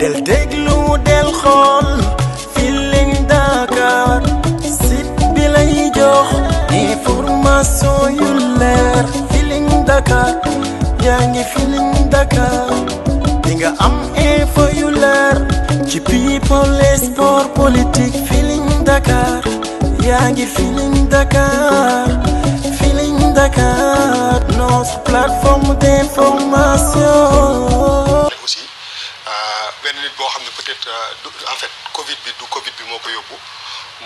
del déglu del xool Feeling Dakar site bi lay jox yu leer Feeling Dakar yaa ngi Feeling Dakar di nga am info yu leer ci people sport politique Feeling Dakar yaa ngi Feeling Dakar Feeling Dakar notre plateforme d'information benn nit boo xam ne peut-être euh, en fait Covid bi du Covid bi moo ko yóbbu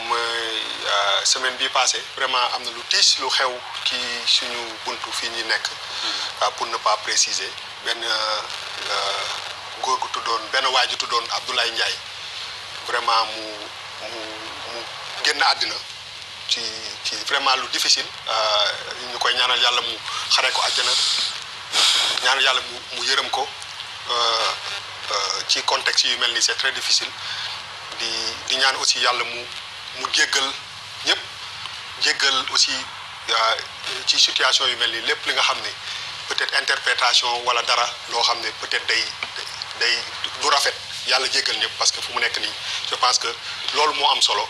mooy euh, semaine bi passée vraiment am na lu tiis lu xew ki suñu buntu fii ñi nekk. Mm-hmm. Euh, pour ne pas préciser benn góor gu tuddoon benn waay ju tuddoon Abdoulaye Ndiaye vraiment mu mu mu génn àddina ci ci vraiment lu difficile. ñu koy ñaanal yàlla mu xaree ko àjjana ñaanal yàlla mu mu yërëm ko. ci contexte yu mel ni c'est très difficile di di ñaan aussi yàlla mu mu jéggal ñëpp jéggal aussi euh, ci situation yu mel nii lépp li nga xam ne peut-être interprétation wala dara loo xam ne peut-être day day du rafet yàlla jéggal ñëpp parce que fu mu nekk nii je pense que loolu moo am solo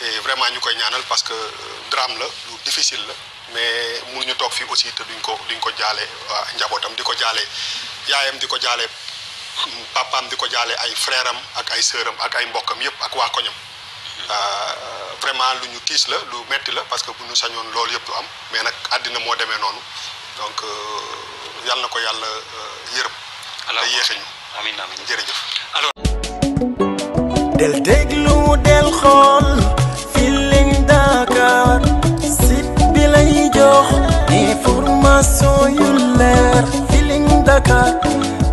et vraiment ñu koy ñaanal parce que euh, drame la difficile la mais mu ñu toog fii aussi te duñ ko duñ ko jaale njabootam di ko jaale yaayam di ko jaale papaam di ko jaale ay frère ak ay sœur ak ay mbokkam yëpp ak waa koñam euh, vraiment lu ñu tiis la lu metti la parce que bu ñu sañoon loolu yëpp du am mais nag àddina moo demee noonu donc euh, yal na ko yàlla euh, yërëm. alors day ñu. amiin amiin jërëjëf. alors. del xool Feeling Dakar site bi lay jox information yu leer Feeling Dakar.